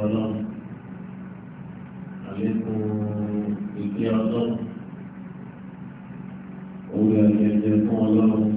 àlékún ọlọ́run àlékún ìgbé ọlọ́run òun ẹ̀jẹ̀ fún ọlọ́run.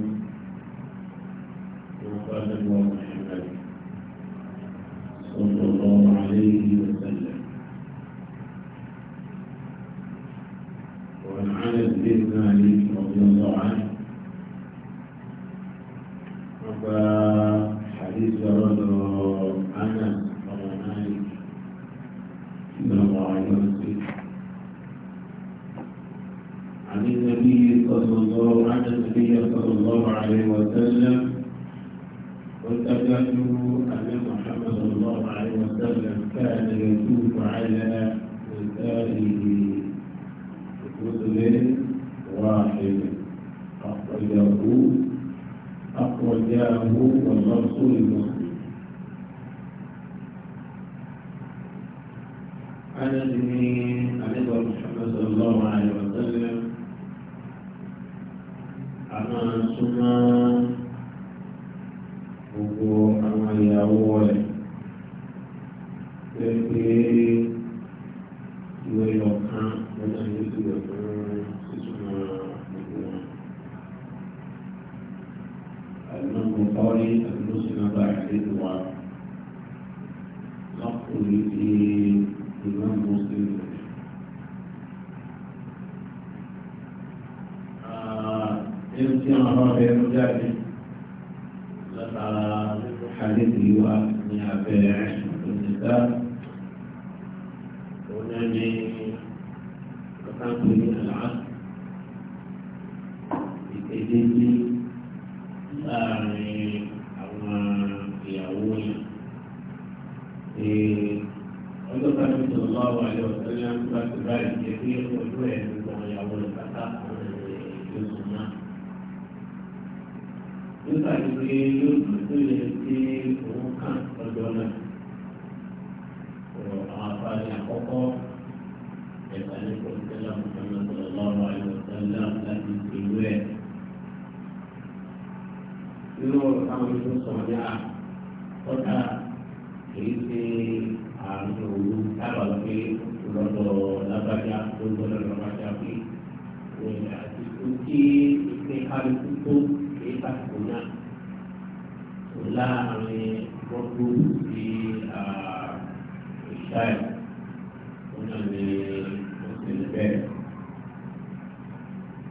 ويتوب على سائره رسل واحد أخرجه أخرجاه واللفظ المسلم عن ابن عن محمد صلى الله عليه وسلم أما سنة وقوع أما يا orí ti ìmọ̀ mùsùlùmí. Ah, ẹnu tí àwọn ọmọ ọbẹ̀ ẹnu jáde látara àdébù ìwà ní ní àgbà tó báyìí jẹ́ pé ojú ẹ̀ ló gbọ́n ìyàwó rẹ̀ pátá àwọn ènìyàn yóò sùn náà. nígbà tí pé yóò tún tó yẹ gbọ́dọ̀ lọ máa dàgbé òyìnbó àti kó tí ìpín kálukú tó èyí kálukú náà tó láàrin gbọ́dọ̀ sí ìṣáì tó náà ní ọ̀sẹ̀ bẹ́ẹ̀.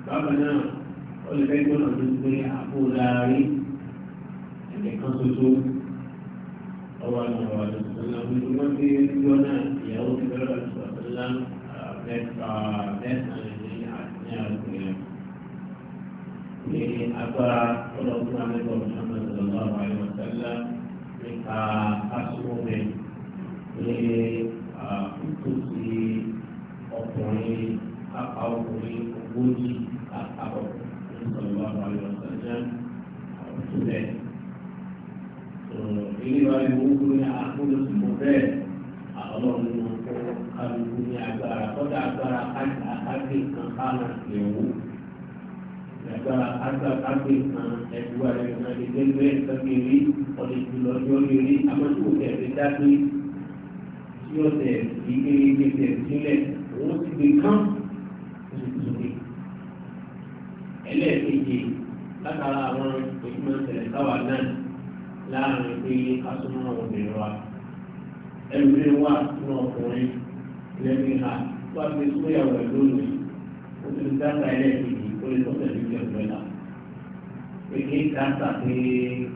bákan náà ó lè fẹ́ gbọ́dọ̀ tó pé àpò láàrin ẹ̀ẹ̀kan ṣoṣo ọwọ́ àwọn ọ̀rọ̀ àti ìṣẹ̀lẹ̀ ọ̀gbìn ti gbọ́ náà ìyàwó ti bẹ̀rẹ̀ àti ìṣẹ̀lẹ̀ náà lẹ́ka lẹ́sàn-án ní àtìyànjú yẹn. Ní agbára tọ́lọ̀ fún Amẹ́kọ̀ Mùsùlùmí Sọ̀rọ̀ Àbáyé Mọ̀sálá nípa Pásímọ́mẹ́ ní àkókò sí ọkùnrin apá ọkùnrin ogójì àpapọ̀ ní Sọ̀rọ̀ Àbáyé Mọ̀sálá àwọn tó bẹ̀. ni wọ́n kúrò sí mo bẹ́ẹ̀ àwọn ọlọ́run kálukú ní agbára kọ́dà agbára kágbé kan kálà lèwu agbára kágbé kan ẹ̀dùwà rẹ̀ kan lè gbẹ́gbẹ́ kékeré ọ̀lẹ́ jùlọ yọ lórí amadu tẹ̀lé dágbé tí ó tẹ̀ sí kékeré tẹ̀ sílẹ̀ òun ti gbé kán tuntun ẹlẹ́ẹ̀kejì látara àwọn ìgbìmọ̀ tẹ̀lé náà láàrin pé asomọ́ obìnrin wa ẹlòmíràn wà nínú ọkùnrin lẹ́nu ha wá fi sóyàwó ẹ̀ lónìí ó ti dáta ẹlẹ́ẹ̀kejì ó lè tọ́tẹ̀ ní ìjọ ìjọ ìlà èké dáta pé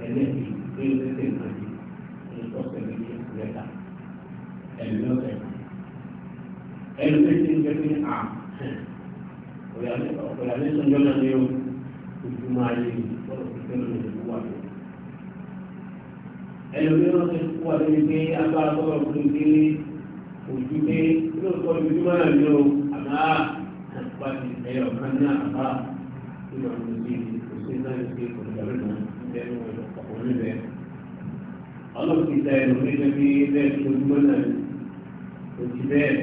ẹlẹ́ẹ̀kejì pé ó tẹ̀sẹ̀ ìgbàdì ó lè tọ́tẹ̀ ní ìjọ ìjọ ìlà ẹ̀lú lọ́tẹ̀ ẹ̀lú pé ti ń bẹ náà ni ó ojúmọ́ ayé ìfọ̀rọ̀ pípẹ́ lónìí ló wà lónìí ẹ̀lú pé wọ́n ti wà lónìí pé agbára tó wà lónìí pé òjú pé lóòótọ́ ìjọba náà ni ó àmà àpàtì ẹ̀yọ̀ kan náà àbá ìlọ àwọn òbí òṣèlú náà ti ṣe ìpòlùdàrí náà lẹ́nu ọkùnrin rẹ̀. ọlọ́run ti da ẹnu nígbà bí bẹ́ẹ̀ tó gbọ́ náà òjì bẹ́ẹ̀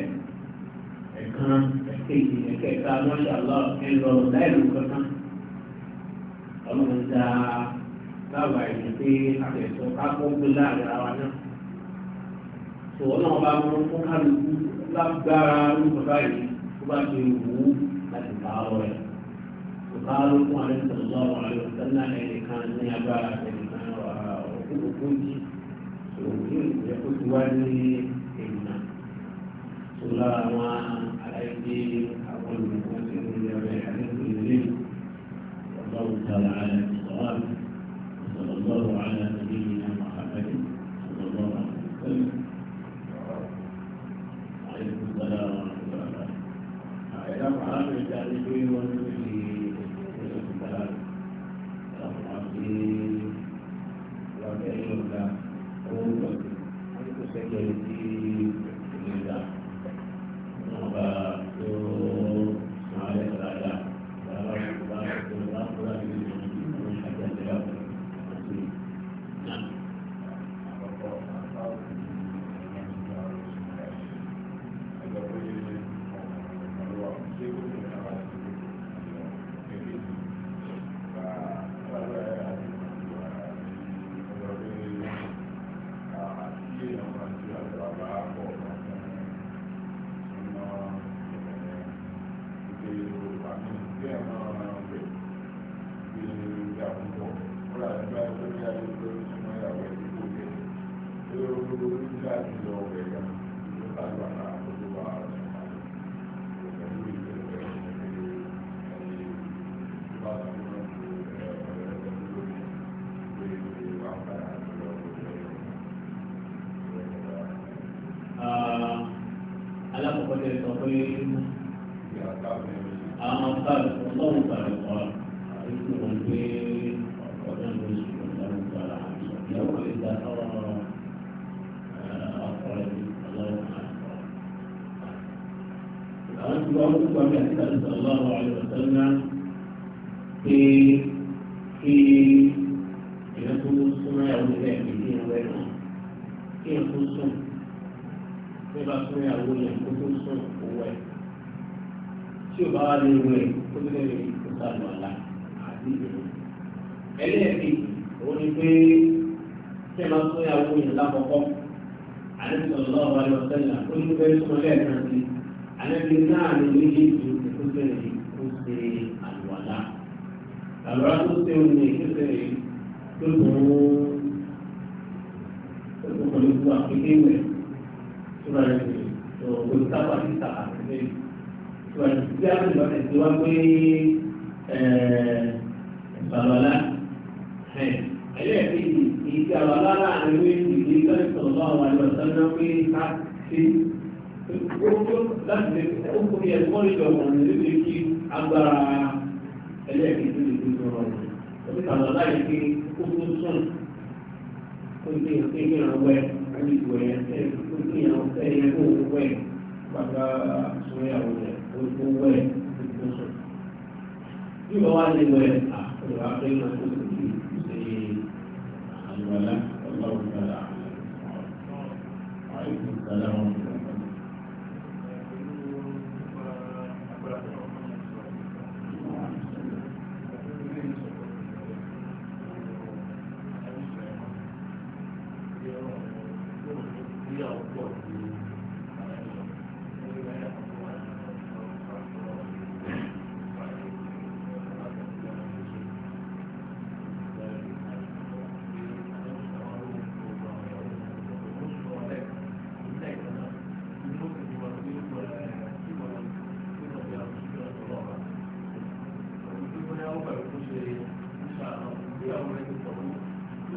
ẹ̀kan ẹ̀kejì ẹ̀kẹta mọ́ṣáláà ẹ̀ lọ láìlú kankan ọlọ́run da báwa ìlú àtẹ̀sọ́ kápọ́ tó ọlọ́run bá mú fún kálukú lágbára nípa báyìí tó bá ti wù ú láti bá ọ rẹ̀ tó bá ló fún alẹ́ sọ̀rọ̀ lọ́wọ́ alẹ́ sẹ́lá ẹnìkan ní agbára ẹnìkan òkú jì òkú yẹ kó ti wá ènìyàn tó lára wọn àlàyé lórí pé àwọn afáàlù ọlọ́run tàbí kọ́ àdúgbò wọn pé ọ̀dọ́ ló ṣe ọ̀dọ́ gbára ìyàwó lè dá ọ̀rọ̀ ọkọ̀ rẹ̀ ọlọ́run àkọ́. Eh, àwọn tí wọ́n kú pàmì àti àdúgbò ọlọ́run àyọ̀ sẹ́ńdá pé kí. tí o bá wà lè wẹ̀ kó lè kó sàlù àlà àti ìlú. ẹlẹ́ẹ̀kì òun ni pé tí a máa tó yà wọ ìyàn lákọ̀ọ́kọ́ àlẹ́sọ̀ lọ́wọ́ bá lọ sẹ́yìn ó ní bẹ́ẹ̀ tó lẹ́ẹ̀ kan sí àlẹ́sọ̀ náà ni méjì ju kó lè kó ṣe àlù àlà. àlùwà tó ṣe òun ni kó ṣe tó tó tó tó kọ́ ló àpéké wẹ̀ tó bá lè tó kó ní tí a ti lọ sí wá pé ìsàlọ́lá eh, eh, ẹlẹ́ẹ̀kejì ìsàlọ́lá láàrin méjì ní ìsọ̀rọ̀ bá wà lọ sọ́nà pé ká sí láti lè ó kó yẹ kọ́ ìjọ ọ̀rọ̀ níbi kí agbára ẹlẹ́ẹ̀kejì lè fi sọ̀rọ̀ ọ̀rọ̀ ìsàlọ́lá yìí pé ó sùn ó ti ṣe kí ìrànwọ́ ẹ̀ àbí ìwẹ̀ ẹ̀ ó ti ṣe ẹ̀ kó wẹ̀ pàtàkì sórí àwọn ẹ̀ olùkọ́ wẹ̀ olùkọ́ sọ. bí wọ́n wá lé wẹ̀ àkọlù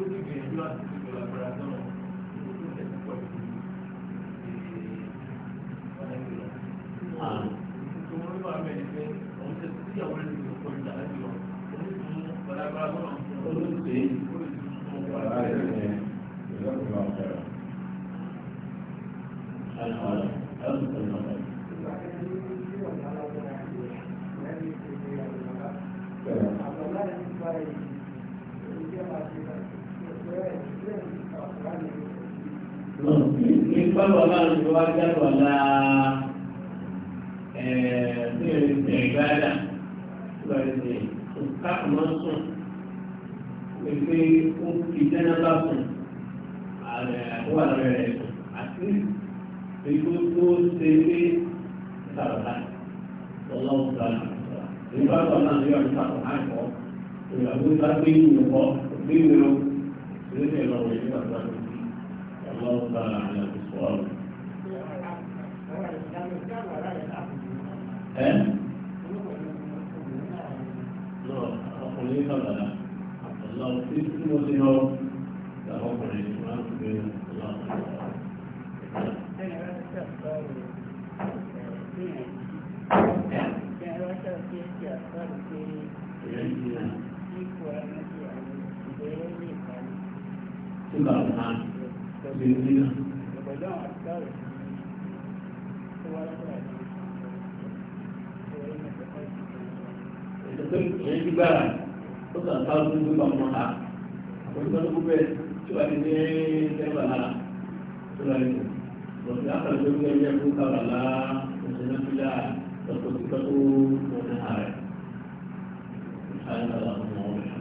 ó ti Thank you. ní pẹ́lú ọlọ́run tó wá jábọ̀ la ẹ̀ẹ́dẹ́gbẹ̀rẹ̀ ìgbàdà ìgbàdà káàmọ́ sùn pépé ó fi dáná bá sùn àwọ̀ rẹ̀ àti pépé tó ṣe pé sàrọ̀lá ọlọ́run tó àná ní pẹ́lú ọlọ́run tó yọ̀ ní sàrọ̀lá kọ́ ìgbàgbọ́ bá gbé ìwé kọ́ gbé ìwé kọ́. الدنيا لو وجدنا الله تعالى على السؤال ها؟ لا أقولين لا الله في كل شيء لا أقولين ما أقولين الله Thank you. tí bàbá lè rí náà. Ẹ̀yẹ́ ti gbára ó sàn bá lórí gbígbà mọ́ ha. Àpòjúgbà tó kú bẹ́ẹ̀ tí wàá di ní ẹgbẹ̀rún lára tó lọ ẹ̀kọ́. Bọ̀dé àkàlùkò ní ẹgbẹ́ fún